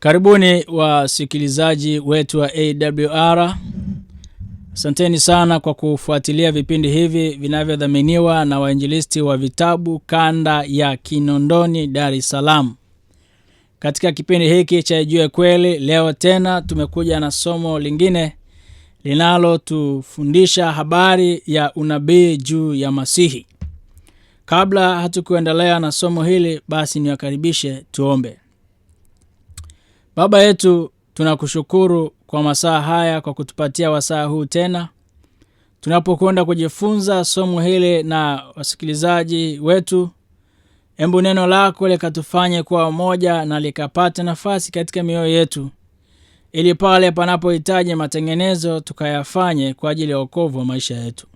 Karibuni wasikilizaji wetu wa AWR. Asanteni sana kwa kufuatilia vipindi hivi vinavyodhaminiwa na wainjilisti wa vitabu kanda ya Kinondoni, Dar es Salaam. Katika kipindi hiki cha Ijue Kweli, leo tena tumekuja na somo lingine linalotufundisha habari ya unabii juu ya Masihi. Kabla hatukuendelea na somo hili, basi niwakaribishe tuombe. Baba yetu, tunakushukuru kwa masaa haya, kwa kutupatia wasaa huu tena tunapokwenda kujifunza somo hili na wasikilizaji wetu. Embu neno lako likatufanye kuwa moja na likapata nafasi katika mioyo yetu, ili pale panapohitaji matengenezo tukayafanye kwa ajili ya wokovu wa maisha yetu.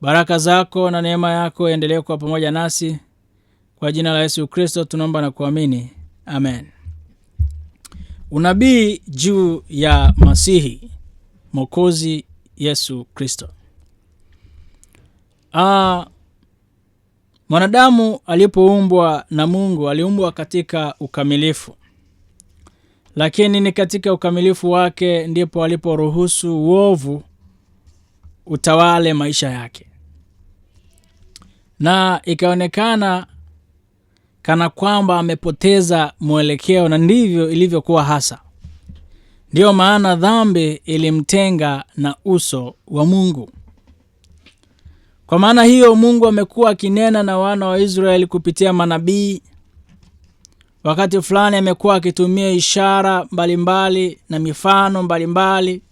Baraka zako na neema yako endelee kuwa pamoja nasi. Kwa jina la Yesu Kristo tunaomba na kuamini, amen. Unabii juu ya Masihi Mwokozi Yesu Kristo. Ah, mwanadamu alipoumbwa na Mungu aliumbwa katika ukamilifu, lakini ni katika ukamilifu wake ndipo aliporuhusu uovu utawale maisha yake na ikaonekana kana kwamba amepoteza mwelekeo, na ndivyo ilivyokuwa hasa. Ndiyo maana dhambi ilimtenga na uso wa Mungu. Kwa maana hiyo, Mungu amekuwa akinena na wana wa Israeli kupitia manabii. Wakati fulani amekuwa akitumia ishara mbalimbali mbali na mifano mbalimbali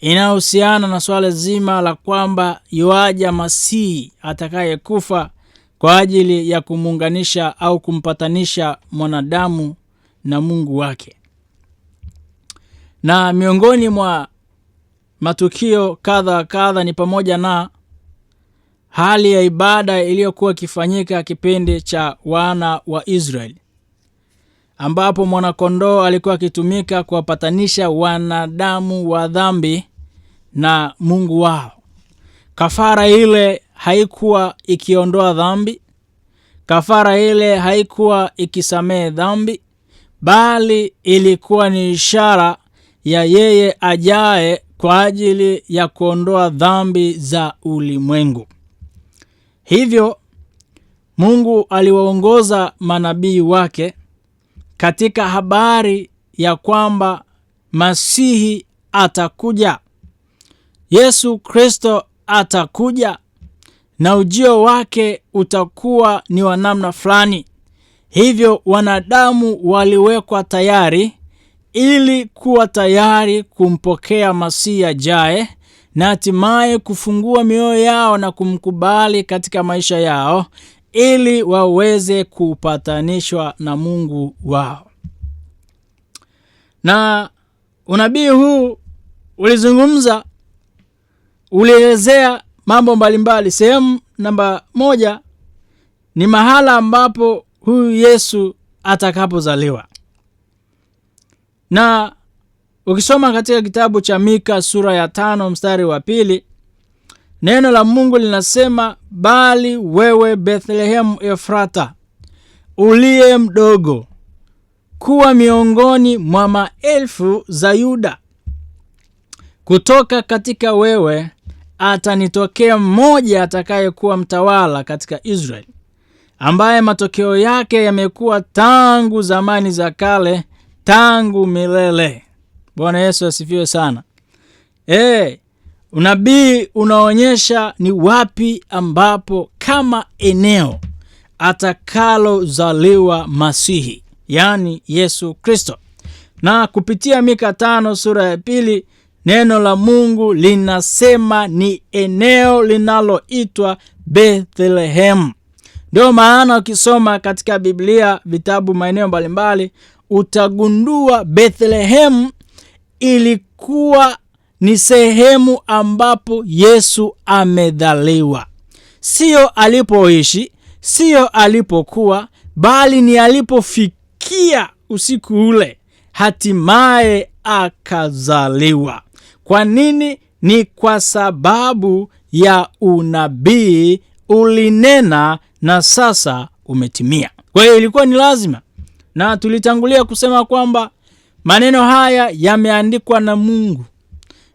inayohusiana na swala zima la kwamba yuaja Masihi atakayekufa kwa ajili ya kumuunganisha au kumpatanisha mwanadamu na Mungu wake. Na miongoni mwa matukio kadha kadha ni pamoja na hali ya ibada iliyokuwa ikifanyika kipindi cha wana wa Israeli ambapo mwanakondoo alikuwa akitumika kuwapatanisha wanadamu wa dhambi na Mungu wao. Kafara ile haikuwa ikiondoa dhambi, kafara ile haikuwa ikisamehe dhambi, bali ilikuwa ni ishara ya yeye ajaye kwa ajili ya kuondoa dhambi za ulimwengu. Hivyo Mungu aliwaongoza manabii wake katika habari ya kwamba Masihi atakuja, Yesu Kristo atakuja na ujio wake utakuwa ni wa namna fulani. Hivyo wanadamu waliwekwa tayari ili kuwa tayari kumpokea Masihi ajaye na hatimaye kufungua mioyo yao na kumkubali katika maisha yao ili waweze kupatanishwa na Mungu wao. Na unabii huu ulizungumza, ulielezea mambo mbalimbali. Sehemu namba moja ni mahala ambapo huyu Yesu atakapozaliwa, na ukisoma katika kitabu cha Mika sura ya tano mstari wa pili neno la Mungu linasema, bali wewe Bethlehemu Efrata uliye mdogo kuwa miongoni mwa maelfu za Yuda, kutoka katika wewe atanitokea mmoja atakayekuwa mtawala katika Israeli, ambaye matokeo yake yamekuwa tangu zamani za kale, tangu milele. Bwana Yesu asifiwe sana. E, unabii unaonyesha ni wapi ambapo kama eneo atakalozaliwa Masihi, yaani Yesu Kristo, na kupitia Mika tano sura ya pili Neno la Mungu linasema ni eneo linaloitwa Bethlehemu. Ndio maana ukisoma katika Biblia vitabu maeneo mbalimbali utagundua Bethlehemu ilikuwa ni sehemu ambapo Yesu amedhaliwa, siyo alipoishi, siyo alipokuwa, bali ni alipofikia usiku ule, hatimaye akazaliwa. Kwa nini? Ni kwa sababu ya unabii ulinena na sasa umetimia. Kwa hiyo ilikuwa ni lazima, na tulitangulia kusema kwamba maneno haya yameandikwa na Mungu,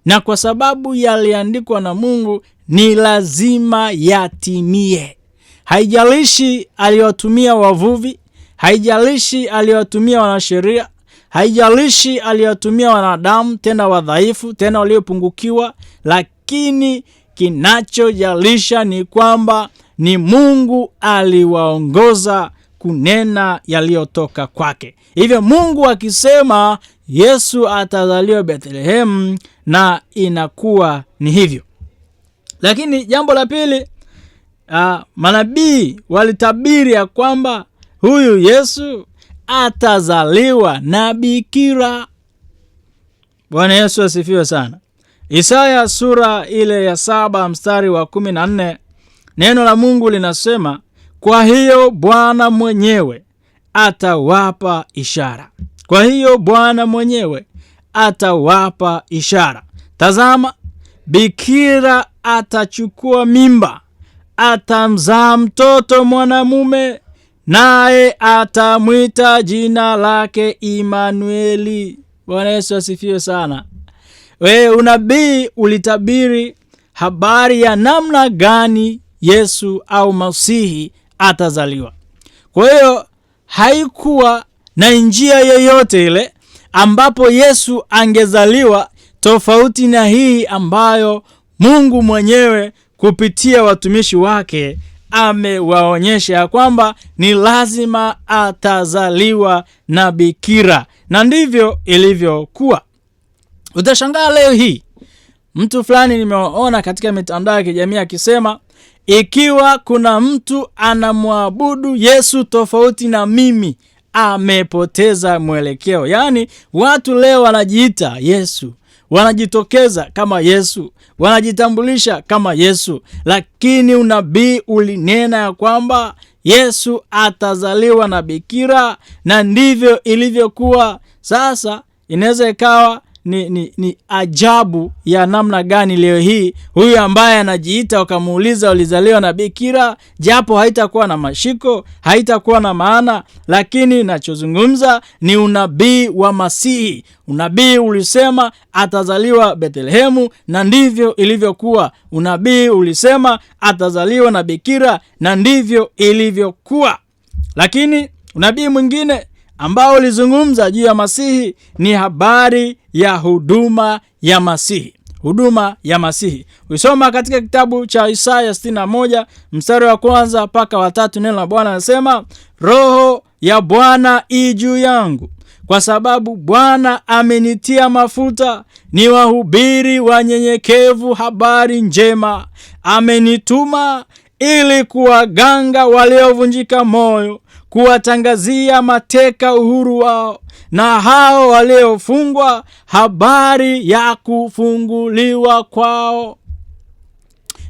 na kwa sababu yaliandikwa na Mungu ni lazima yatimie. Haijalishi aliwatumia wavuvi, haijalishi aliwatumia wanasheria, haijalishi aliyotumia wanadamu, tena wadhaifu, tena waliopungukiwa, lakini kinachojalisha ni kwamba ni Mungu aliwaongoza kunena yaliyotoka kwake. Hivyo Mungu akisema Yesu atazaliwa Bethlehemu, na inakuwa ni hivyo. Lakini jambo la pili, uh, manabii walitabiri ya kwamba huyu Yesu atazaliwa na bikira. Bwana Yesu asifiwe sana. Isaya sura ile ya saba mstari wa kumi na nne neno la Mungu linasema, kwa hiyo Bwana mwenyewe atawapa ishara. Kwa hiyo Bwana mwenyewe atawapa ishara. Tazama, bikira atachukua mimba, atamzaa mtoto mwanamume, naye atamwita jina lake Imanueli. Bwana Yesu asifiwe sana. We, unabii ulitabiri habari ya namna gani Yesu au Masihi atazaliwa. Kwa hiyo haikuwa na njia yoyote ile ambapo Yesu angezaliwa tofauti na hii ambayo Mungu mwenyewe kupitia watumishi wake amewaonyesha kwamba ni lazima atazaliwa na bikira, na ndivyo ilivyokuwa. Utashangaa leo hii mtu fulani nimeona katika mitandao ya kijamii akisema, ikiwa kuna mtu anamwabudu Yesu tofauti na mimi amepoteza mwelekeo. Yaani watu leo wanajiita Yesu wanajitokeza kama Yesu, wanajitambulisha kama Yesu, lakini unabii ulinena ya kwamba Yesu atazaliwa na bikira, na ndivyo ilivyokuwa. Sasa inaweza ikawa ni, ni, ni ajabu ya namna gani leo hii huyu ambaye anajiita wakamuuliza ulizaliwa na bikira, japo haitakuwa na mashiko, haitakuwa na maana, lakini nachozungumza ni unabii wa Masihi. Unabii ulisema atazaliwa Bethlehemu na ndivyo ilivyokuwa. Unabii ulisema atazaliwa na bikira na ndivyo ilivyokuwa. Lakini unabii mwingine ambao ulizungumza juu ya Masihi ni habari ya huduma ya Masihi huduma ya Masihi. Usoma katika kitabu cha Isaya 61 mstari wa kwanza mpaka watatu, neno la Bwana anasema, Roho ya Bwana i juu yangu, kwa sababu Bwana amenitia mafuta ni wahubiri wanyenyekevu habari njema. Amenituma ili kuwaganga waliovunjika moyo, kuwatangazia mateka uhuru wao na hao waliofungwa habari ya kufunguliwa kwao.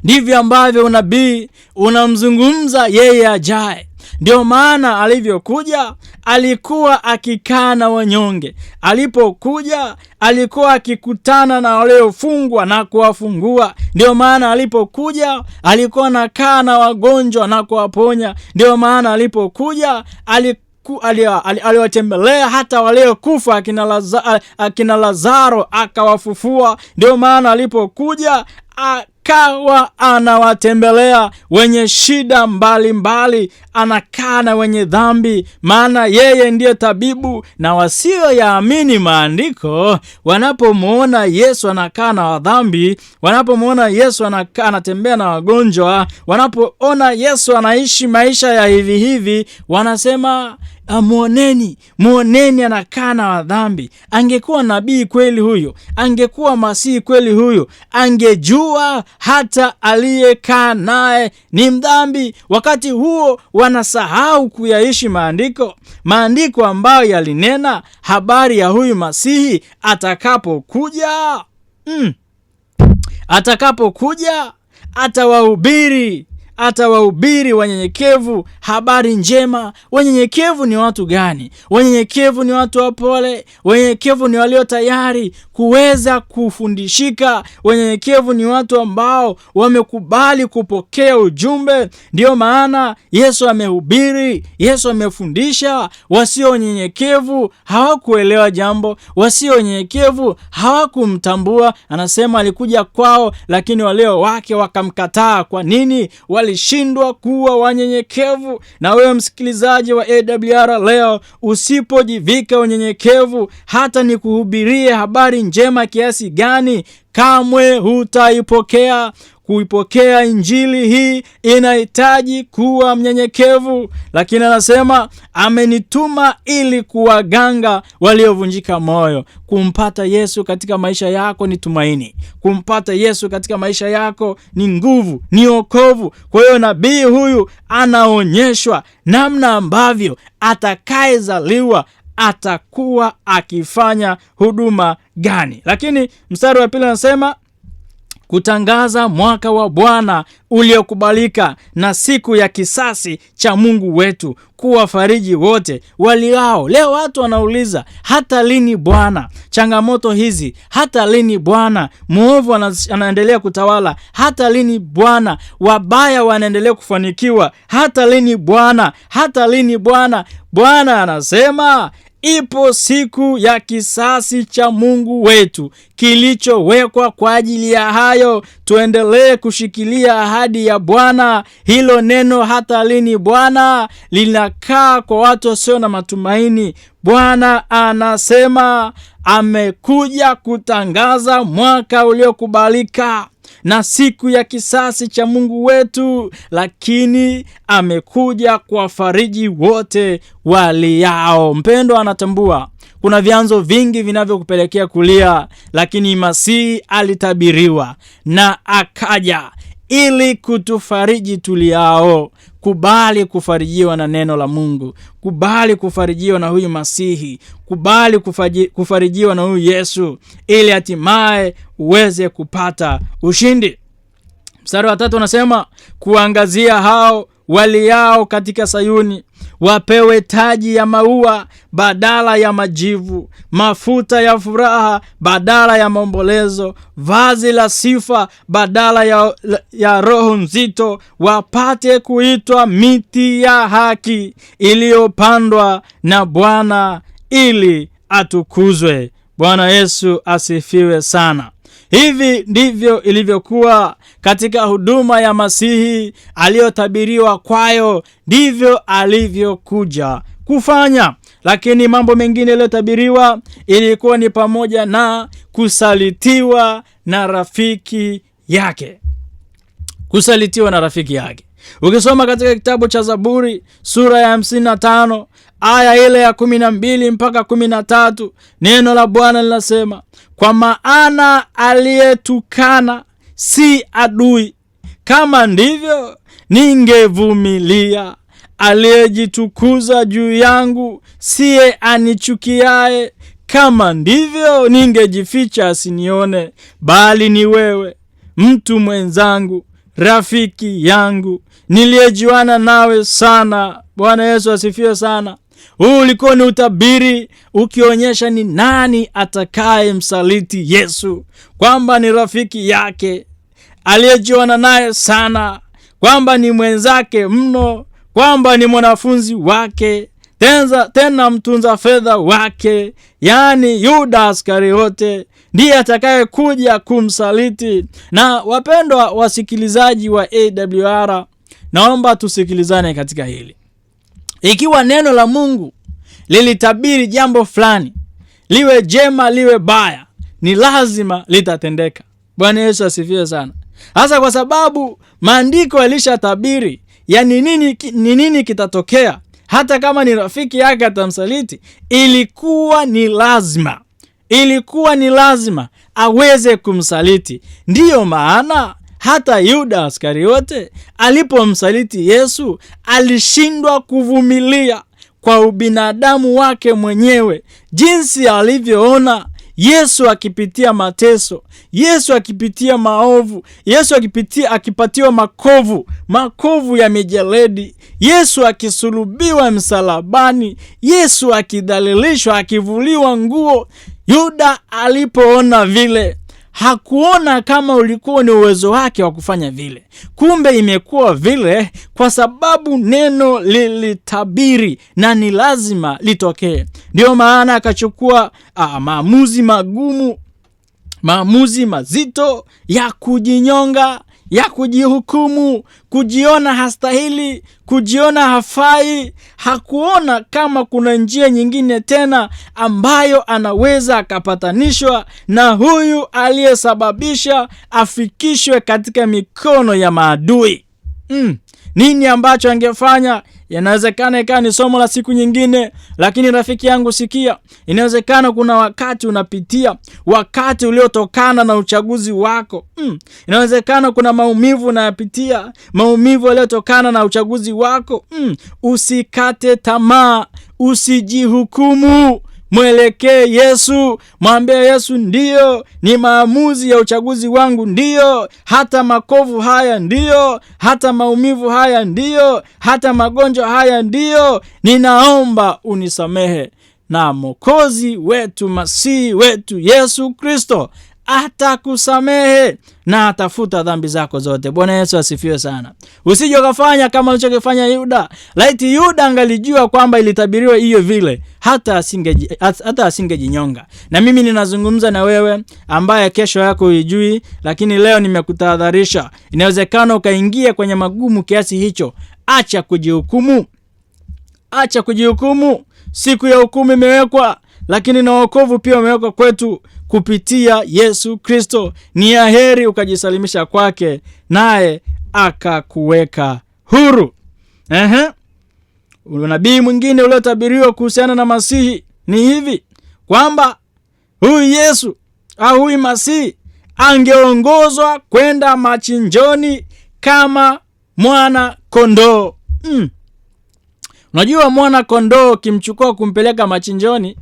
Ndivyo ambavyo unabii unamzungumza yeye ajaye ndio maana alivyokuja alikuwa akikaa na wanyonge, alipokuja alikuwa akikutana na waliofungwa na kuwafungua. ndio maana alipokuja alikuwa anakaa na wagonjwa na kuwaponya. ndio maana alipokuja ali aliwatembelea hata waliokufa akina akina Lazaro akawafufua. Ndio maana alipokuja akawa anawatembelea wenye shida mbalimbali mbali, anakaa na wenye dhambi, maana yeye ndiye tabibu. Na wasioyaamini maandiko wanapomwona Yesu anakaa na wadhambi, wanapomwona Yesu anakaa anatembea na wagonjwa, wanapoona Yesu anaishi maisha ya hivi hivi, wanasema Ah, mwoneni, mwoneni anakaa na wadhambi. Angekuwa nabii kweli huyo, angekuwa masihi kweli huyo, angejua hata aliyekaa naye ni mdhambi. Wakati huo wanasahau kuyaishi maandiko, maandiko ambayo yalinena habari ya huyu masihi atakapokuja. Mm, atakapokuja atawahubiri atawahubiri wanyenyekevu habari njema. Wanyenyekevu ni watu gani? Wanyenyekevu ni watu wapole. Wanyenyekevu ni walio tayari kuweza kufundishika. Wanyenyekevu ni watu ambao wamekubali kupokea ujumbe. Ndiyo maana Yesu amehubiri, Yesu amefundisha. Wasio wanyenyekevu hawakuelewa jambo, wasio wanyenyekevu hawakumtambua. Anasema alikuja kwao, lakini walio wake wakamkataa. Kwa nini? walishindwa kuwa wanyenyekevu. Na wewe msikilizaji wa AWR leo, usipojivika unyenyekevu, hata ni habari njema kiasi gani, kamwe hutaipokea. Kuipokea injili hii inahitaji kuwa mnyenyekevu, lakini anasema amenituma ili kuwaganga waliovunjika moyo. Kumpata Yesu katika maisha yako ni tumaini, kumpata Yesu katika maisha yako ni nguvu, ni okovu. Kwa hiyo nabii huyu anaonyeshwa namna ambavyo atakayezaliwa atakuwa akifanya huduma gani. Lakini mstari wa pili anasema kutangaza mwaka wa Bwana uliokubalika na siku ya kisasi cha Mungu wetu, kuwafariji wote waliao. Leo watu wanauliza hata lini Bwana? Changamoto hizi hata lini Bwana? Mwovu anaendelea kutawala hata lini Bwana? Wabaya wanaendelea kufanikiwa hata lini Bwana? Hata lini Bwana? Bwana anasema Ipo siku ya kisasi cha Mungu wetu kilichowekwa kwa ajili ya hayo. Tuendelee kushikilia ahadi ya Bwana. Hilo neno hata lini, Bwana, linakaa kwa watu wasio na matumaini. Bwana anasema amekuja kutangaza mwaka uliokubalika na siku ya kisasi cha Mungu wetu, lakini amekuja kuwafariji wote waliao. Mpendwa anatambua kuna vyanzo vingi vinavyokupelekea kulia, lakini Masihi alitabiriwa na akaja ili kutufariji tuliao. Kubali kufarijiwa na neno la Mungu, kubali kufarijiwa na huyu Masihi, kubali kufaji, kufarijiwa na huyu Yesu ili hatimaye uweze kupata ushindi. Mstari wa tatu unasema kuangazia hao waliao katika Sayuni wapewe taji ya maua badala ya majivu, mafuta ya furaha badala ya maombolezo, vazi la sifa badala ya, ya roho nzito, wapate kuitwa miti ya haki iliyopandwa na Bwana ili atukuzwe. Bwana Yesu asifiwe sana. Hivi ndivyo ilivyokuwa katika huduma ya Masihi aliyotabiriwa kwayo, ndivyo alivyokuja kufanya. Lakini mambo mengine yaliyotabiriwa ilikuwa ni pamoja na kusalitiwa na rafiki yake, kusalitiwa na rafiki yake. Ukisoma katika kitabu cha Zaburi sura ya hamsini na tano aya ile ya kumi na mbili mpaka kumi na tatu neno la Bwana linasema, kwa maana aliyetukana si adui. Kama ndivyo, ningevumilia. Aliyejitukuza juu yangu siye anichukiaye. Kama ndivyo, ningejificha asinione, bali ni wewe, mtu mwenzangu, rafiki yangu, niliyejuana nawe sana. Bwana Yesu asifiwe sana. Huu ulikuwa ni utabiri ukionyesha ni nani atakaye msaliti Yesu, kwamba ni rafiki yake aliyejiona naye sana, kwamba ni mwenzake mno, kwamba ni mwanafunzi wake tena, tena mtunza fedha wake, yaani Yuda Iskariote ndiye atakayekuja kumsaliti. Na wapendwa wasikilizaji wa AWR, naomba tusikilizane katika hili. Ikiwa neno la Mungu lilitabiri jambo fulani, liwe jema liwe baya, ni lazima litatendeka. Bwana Yesu asifiwe sana, hasa kwa sababu maandiko yalishatabiri ya ni nini, ni nini kitatokea. Hata kama ni rafiki yake atamsaliti, ilikuwa ni lazima, ilikuwa ni lazima aweze kumsaliti. Ndiyo maana hata Yuda Iskariote alipomsaliti Yesu alishindwa kuvumilia kwa ubinadamu wake mwenyewe, jinsi alivyoona Yesu akipitia mateso, Yesu akipitia maovu, Yesu akipitia akipatiwa makovu, makovu ya mijeledi, Yesu akisulubiwa msalabani, Yesu akidhalilishwa, akivuliwa nguo. Yuda alipoona vile hakuona kama ulikuwa ni uwezo wake wa kufanya vile. Kumbe imekuwa vile kwa sababu neno lilitabiri na ni lazima litokee. Ndiyo maana akachukua ah, maamuzi magumu, maamuzi mazito ya kujinyonga ya kujihukumu, kujiona hastahili, kujiona hafai, hakuona kama kuna njia nyingine tena ambayo anaweza akapatanishwa na huyu aliyesababisha afikishwe katika mikono ya maadui. Mm. Nini ambacho angefanya yanawezekana ikawa ni somo la siku nyingine, lakini rafiki yangu, sikia, inawezekana kuna wakati unapitia, wakati uliotokana na uchaguzi wako mm. Inawezekana kuna maumivu unayapitia, maumivu yaliyotokana na uchaguzi wako mm. Usikate tamaa, usijihukumu mwelekee Yesu, mwambie Yesu, ndiyo ni maamuzi ya uchaguzi wangu, ndiyo hata makovu haya, ndiyo hata maumivu haya, ndiyo hata magonjwa haya, ndiyo ninaomba unisamehe na Mwokozi wetu Masihi wetu Yesu Kristo atakusamehe na atafuta dhambi zako zote. Bwana Yesu asifiwe sana. Usije ukafanya kama alichokifanya Yuda. Laiti Yuda angalijua kwamba ilitabiriwa hiyo vile, hata asingejinyonga asinge Na mimi ninazungumza na wewe ambaye kesho yako ijui, lakini leo nimekutahadharisha. Inawezekana ukaingia kwenye magumu kiasi hicho. Acha kujihukumu, acha kujihukumu. Siku ya hukumu imewekwa, lakini na wokovu pia umewekwa kwetu kupitia Yesu Kristo. Ni ya heri ukajisalimisha kwake, naye akakuweka huru. Ehe, unabii mwingine uliotabiriwa kuhusiana na Masihi ni hivi kwamba huyu Yesu au huyu Masihi angeongozwa kwenda machinjoni kama mwana kondoo. Mm. Unajua mwana kondoo kimchukua kumpeleka machinjoni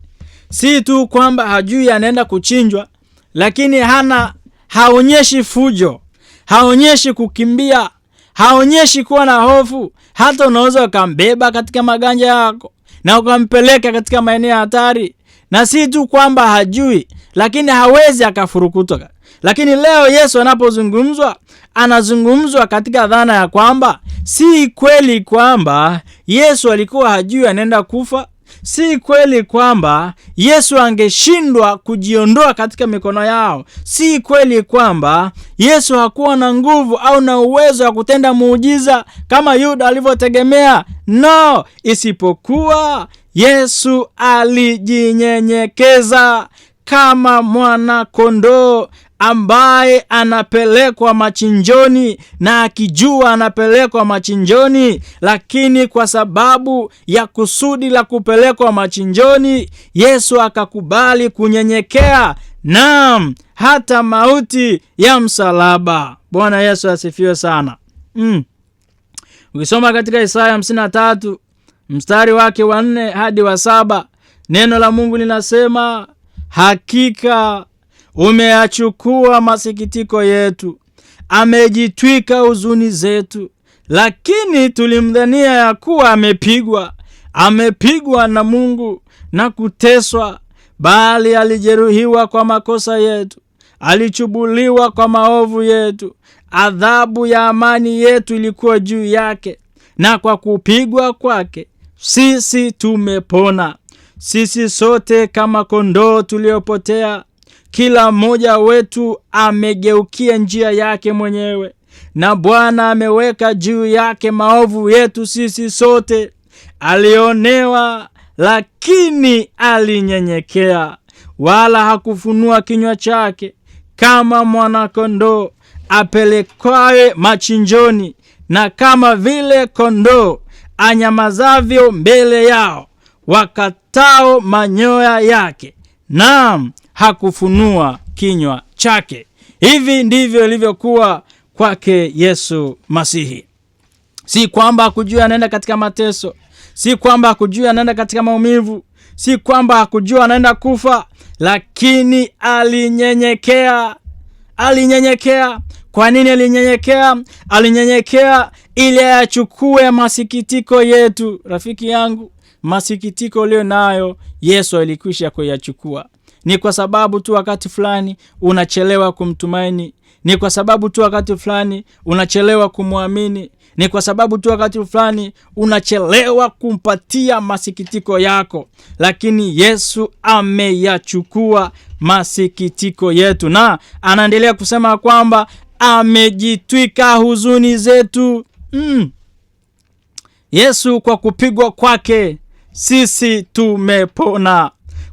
si tu kwamba hajui anaenda kuchinjwa, lakini hana haonyeshi fujo, haonyeshi kukimbia, haonyeshi kuwa na hofu. Hata unaweza ukambeba katika maganja yako na ukampeleka katika maeneo ya hatari, na si tu kwamba hajui, lakini hawezi akafurukutwa. Lakini leo Yesu anapozungumzwa anazungumzwa katika dhana ya kwamba si kweli kwamba Yesu alikuwa hajui anaenda kufa Si kweli kwamba Yesu angeshindwa kujiondoa katika mikono yao. Si kweli kwamba Yesu hakuwa na nguvu au na uwezo wa kutenda muujiza kama Yuda alivyotegemea. No, isipokuwa Yesu alijinyenyekeza kama mwana kondoo ambaye anapelekwa machinjoni na akijua anapelekwa machinjoni, lakini kwa sababu ya kusudi la kupelekwa machinjoni, Yesu akakubali kunyenyekea, naam, hata mauti ya msalaba. Bwana Yesu asifiwe sana. Mm. Ukisoma katika Isaya 53 mstari wake wa 4 hadi wa saba neno la Mungu linasema hakika Umeyachukua masikitiko yetu, amejitwika huzuni zetu. Lakini tulimdhania ya kuwa amepigwa, amepigwa na Mungu na kuteswa, bali alijeruhiwa kwa makosa yetu, alichubuliwa kwa maovu yetu. Adhabu ya amani yetu ilikuwa juu yake, na kwa kupigwa kwake sisi tumepona. Sisi sote kama kondoo tuliopotea kila mmoja wetu amegeukia njia yake mwenyewe, na Bwana ameweka juu yake maovu yetu sisi sote. Alionewa, lakini alinyenyekea, wala hakufunua kinywa chake. Kama mwanakondoo apelekwaye machinjoni, na kama vile kondoo anyamazavyo mbele yao wakatao manyoya yake, naam hakufunua kinywa chake. Hivi ndivyo ilivyokuwa kwake Yesu Masihi. Si kwamba hakujua anaenda katika mateso, si kwamba hakujua anaenda katika maumivu, si kwamba hakujua anaenda kufa, lakini alinyenyekea. Alinyenyekea. Kwa nini alinyenyekea? Alinyenyekea ili ayachukue masikitiko yetu. Rafiki yangu, masikitiko ulio nayo Yesu alikwisha kuyachukua. Ni kwa sababu tu wakati fulani unachelewa kumtumaini. Ni kwa sababu tu wakati fulani unachelewa kumwamini. Ni kwa sababu tu wakati fulani unachelewa kumpatia masikitiko yako, lakini Yesu ameyachukua masikitiko yetu, na anaendelea kusema kwamba amejitwika huzuni zetu. Mm. Yesu kwa kupigwa kwake sisi tumepona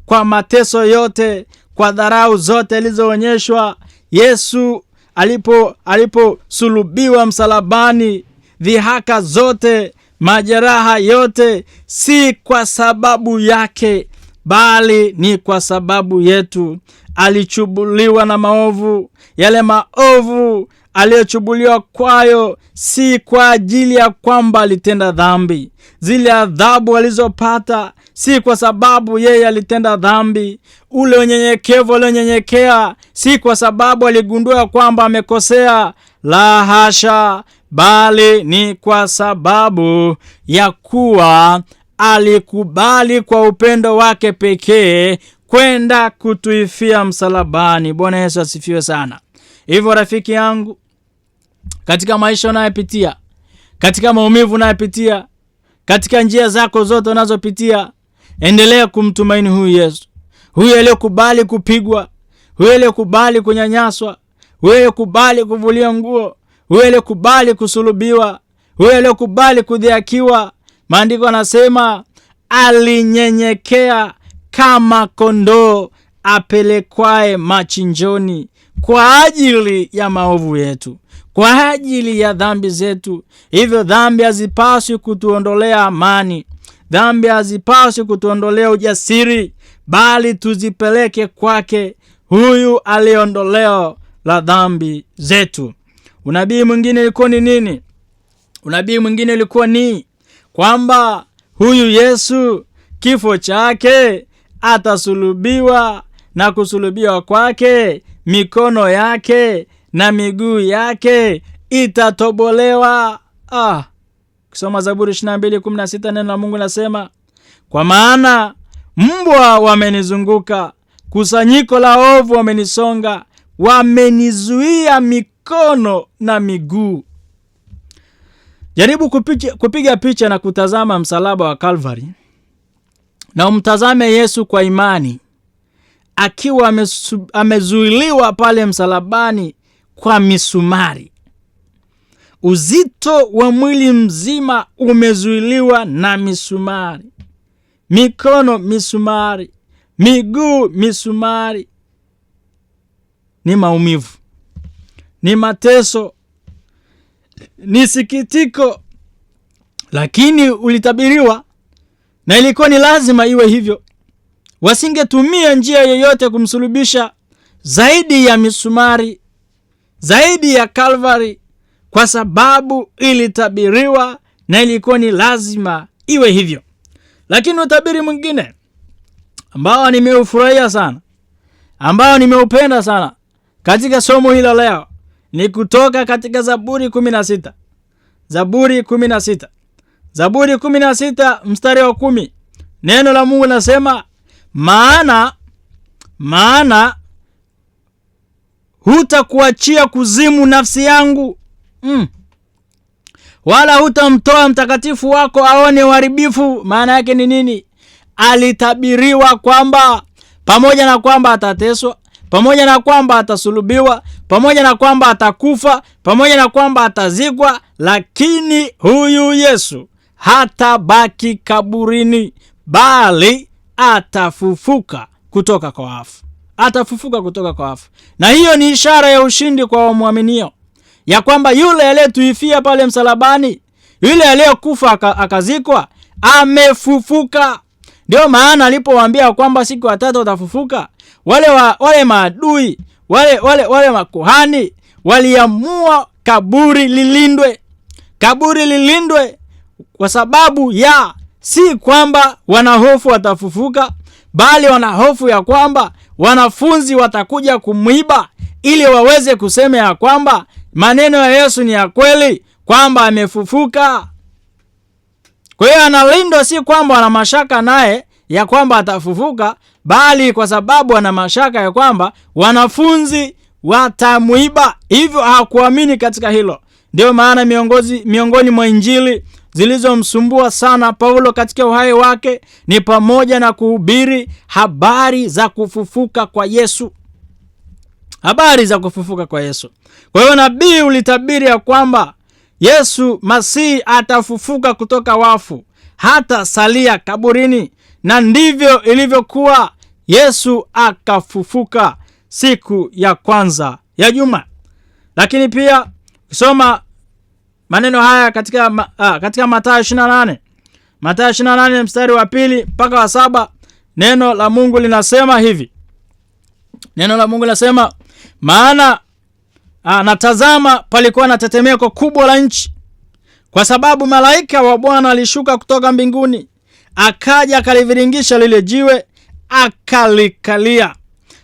kwa mateso yote, kwa dharau zote alizoonyeshwa Yesu alipo aliposulubiwa msalabani, dhihaka zote, majeraha yote, si kwa sababu yake, bali ni kwa sababu yetu. Alichubuliwa na maovu, yale maovu aliyochubuliwa kwayo, si kwa ajili ya kwamba alitenda dhambi. Zile adhabu alizopata si kwa sababu yeye alitenda dhambi. Ule unyenyekevu alionyenyekea si kwa sababu aligundua kwamba amekosea, la hasha, bali ni kwa sababu ya kuwa alikubali kwa upendo wake pekee kwenda kutuifia msalabani. Bwana Yesu asifiwe sana. Hivyo rafiki yangu, katika maisha unayopitia, katika maumivu unayopitia, katika njia zako zote unazopitia Endelea kumtumaini huyu Yesu, huyu aliyokubali kupigwa, huyu aliyokubali kunyanyaswa, huyu aliyokubali kuvulia nguo, huyu aliyokubali kusulubiwa, huyu aliyokubali kudhiakiwa. Maandiko anasema alinyenyekea kama kondoo apelekwaye machinjoni kwa ajili ya maovu yetu, kwa ajili ya dhambi zetu. Hivyo dhambi hazipaswi kutuondolea amani. Dhambi hazipaswi kutuondolea ujasiri, bali tuzipeleke kwake huyu aliondoleo la dhambi zetu. Unabii mwingine ulikuwa ni nini? Unabii mwingine ulikuwa ni kwamba huyu Yesu kifo chake atasulubiwa na kusulubiwa kwake mikono yake na miguu yake itatobolewa. Ah, Kisoma Zaburi 22:16 neno la Mungu nasema, kwa maana mbwa wamenizunguka, kusanyiko la ovu wamenisonga, wamenizuia mikono na miguu. Jaribu kupiga, kupiga picha na kutazama msalaba wa Kalvari na umtazame Yesu kwa imani akiwa amezuiliwa pale msalabani kwa misumari. Uzito wa mwili mzima umezuiliwa na misumari, mikono misumari, miguu misumari. Ni maumivu, ni mateso, ni sikitiko, lakini ulitabiriwa na ilikuwa ni lazima iwe hivyo. Wasingetumia njia yoyote kumsulubisha zaidi ya misumari, zaidi ya Kalvari kwa sababu ilitabiriwa na ilikuwa ni lazima iwe hivyo. Lakini utabiri mwingine ambao nimeufurahia sana, ambao nimeupenda sana katika somo hilo leo ni kutoka katika Zaburi kumi na sita Zaburi kumi na sita Zaburi kumi na sita mstari wa kumi. Neno la Mungu nasema maana maana hutakuachia kuzimu nafsi yangu, mm. wala hutamtoa mtakatifu wako aone uharibifu. Maana yake ni nini? Alitabiriwa kwamba pamoja na kwamba atateswa, pamoja na kwamba atasulubiwa, pamoja na kwamba atakufa, pamoja na kwamba atazikwa, lakini huyu Yesu hatabaki kaburini, bali atafufuka kutoka kwa wafu, atafufuka kutoka kwa wafu, na hiyo ni ishara ya ushindi kwa wamwaminio ya kwamba yule aliyetuifia pale msalabani, yule aliyekufa akazikwa, amefufuka. Ndio maana alipowaambia kwamba siku ya tatu atafufuka, wale wa, wale maadui wale wale wale makuhani waliamua kaburi lilindwe, kaburi lilindwe kwa sababu ya si kwamba wanahofu watafufuka, bali wana hofu ya kwamba wanafunzi watakuja kumwiba ili waweze kusema ya kwamba maneno ya Yesu ni ya kweli kwamba amefufuka. Kwa hiyo analindwa, si kwamba ana mashaka naye ya kwamba atafufuka, bali kwa sababu ana mashaka ya kwamba wanafunzi watamwiba, hivyo hakuamini katika hilo. ndio maana miongozi, miongoni mwa injili zilizomsumbua sana Paulo katika uhai wake ni pamoja na kuhubiri habari za kufufuka kwa Yesu, habari za kufufuka kwa Yesu. Kwa hiyo nabii ulitabiri ya kwamba Yesu Masihi atafufuka kutoka wafu, hata salia kaburini, na ndivyo ilivyokuwa. Yesu akafufuka siku ya kwanza ya juma. Lakini pia ukisoma maneno haya katika, ma, ah, katika Mathayo 28 Mathayo 28 mstari wa pili mpaka wa saba neno la Mungu linasema hivi, neno la Mungu linasema maana Ah, natazama palikuwa na tetemeko kubwa la nchi, kwa sababu malaika wa Bwana alishuka kutoka mbinguni, akaja akaliviringisha lile jiwe, akalikalia,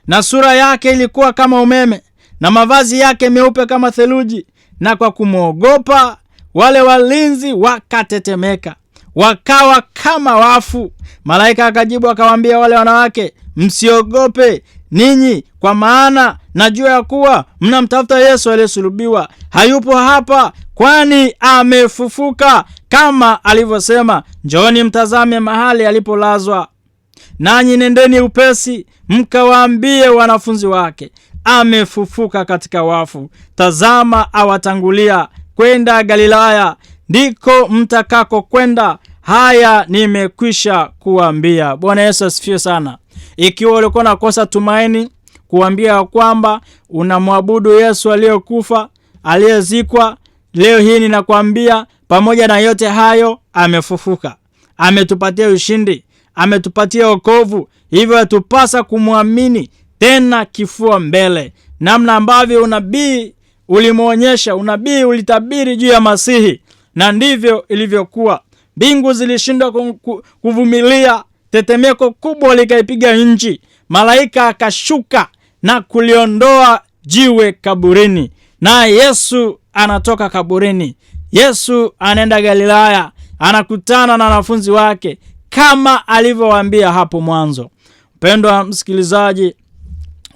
na sura yake ilikuwa kama umeme, na mavazi yake meupe kama theluji, na kwa kumwogopa wale walinzi wakatetemeka, wakawa kama wafu. Malaika akajibu akawaambia wale wanawake, msiogope ninyi, kwa maana najua ya kuwa mnamtafuta Yesu aliyesulubiwa. Hayupo hapa, kwani amefufuka, kama alivyosema, njooni mtazame mahali alipolazwa. Nanyi nendeni upesi, mkawaambie wanafunzi wake, amefufuka katika wafu. Tazama, awatangulia kwenda Galilaya, ndiko mtakako kwenda. Haya nimekwisha kuwaambia. Bwana Yesu asifiwe sana. Ikiwa ulikuwa unakosa tumaini kuambia kwamba unamwabudu Yesu aliyekufa, aliyezikwa. Leo hii ninakwambia, pamoja na yote hayo amefufuka, ametupatia ushindi, ametupatia wokovu. Hivyo yatupasa kumwamini tena kifua mbele, namna ambavyo unabii ulimwonyesha, unabii ulitabiri juu ya Masihi, na ndivyo ilivyokuwa. Mbingu zilishindwa kuvumilia, tetemeko kubwa likaipiga nchi, malaika akashuka na kuliondoa jiwe kaburini. Na Yesu anatoka kaburini. Yesu anaenda Galilaya, anakutana na wanafunzi wake kama alivyowaambia hapo mwanzo. Mpendwa msikilizaji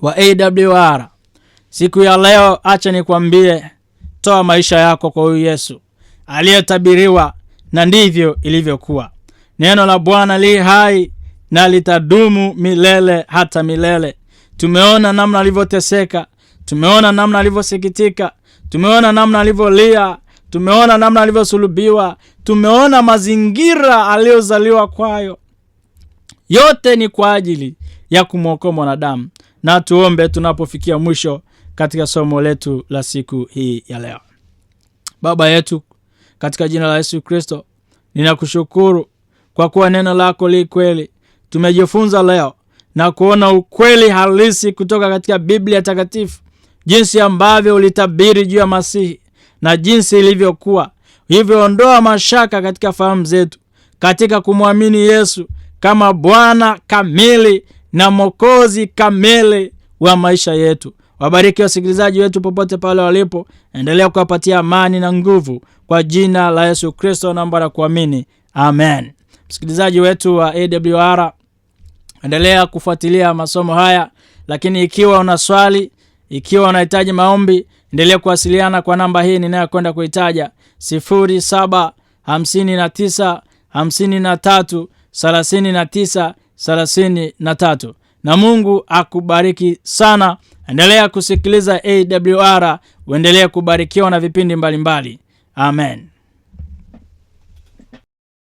wa AWR, siku ya leo, acha nikwambie, toa maisha yako kwa huyu Yesu aliyetabiriwa, na ndivyo ilivyokuwa. Neno la Bwana li hai na litadumu milele hata milele. Tumeona namna alivyoteseka, tumeona namna alivyosikitika, tumeona namna alivyolia, tumeona namna alivyosulubiwa, tumeona mazingira aliyozaliwa kwayo. Yote ni kwa ajili ya kumwokoa mwanadamu, na tuombe tunapofikia mwisho katika somo letu la siku hii ya leo. Baba yetu katika jina la Yesu Kristo, ninakushukuru kwa kuwa neno lako li kweli. Tumejifunza leo na kuona ukweli halisi kutoka katika Biblia Takatifu, jinsi ambavyo ulitabiri juu ya Masihi na jinsi ilivyokuwa. Hivyo ondoa mashaka katika fahamu zetu katika kumwamini Yesu kama Bwana kamili na Mwokozi kamili wa maisha yetu. Wabariki wasikilizaji wetu popote pale walipo, endelea kuwapatia amani na nguvu kwa jina la Yesu Kristo, naomba na kuamini, amen. Msikilizaji wetu wa AWR endelea kufuatilia masomo haya, lakini ikiwa una swali, ikiwa unahitaji maombi, endelea kuwasiliana kwa namba hii ninayokwenda kuitaja sifuri saba hamsini na tisa hamsini na tatu na tisa na tatu. Na Mungu akubariki sana. Endelea kusikiliza AWR, uendelee kubarikiwa na vipindi mbalimbali mbali. Amen.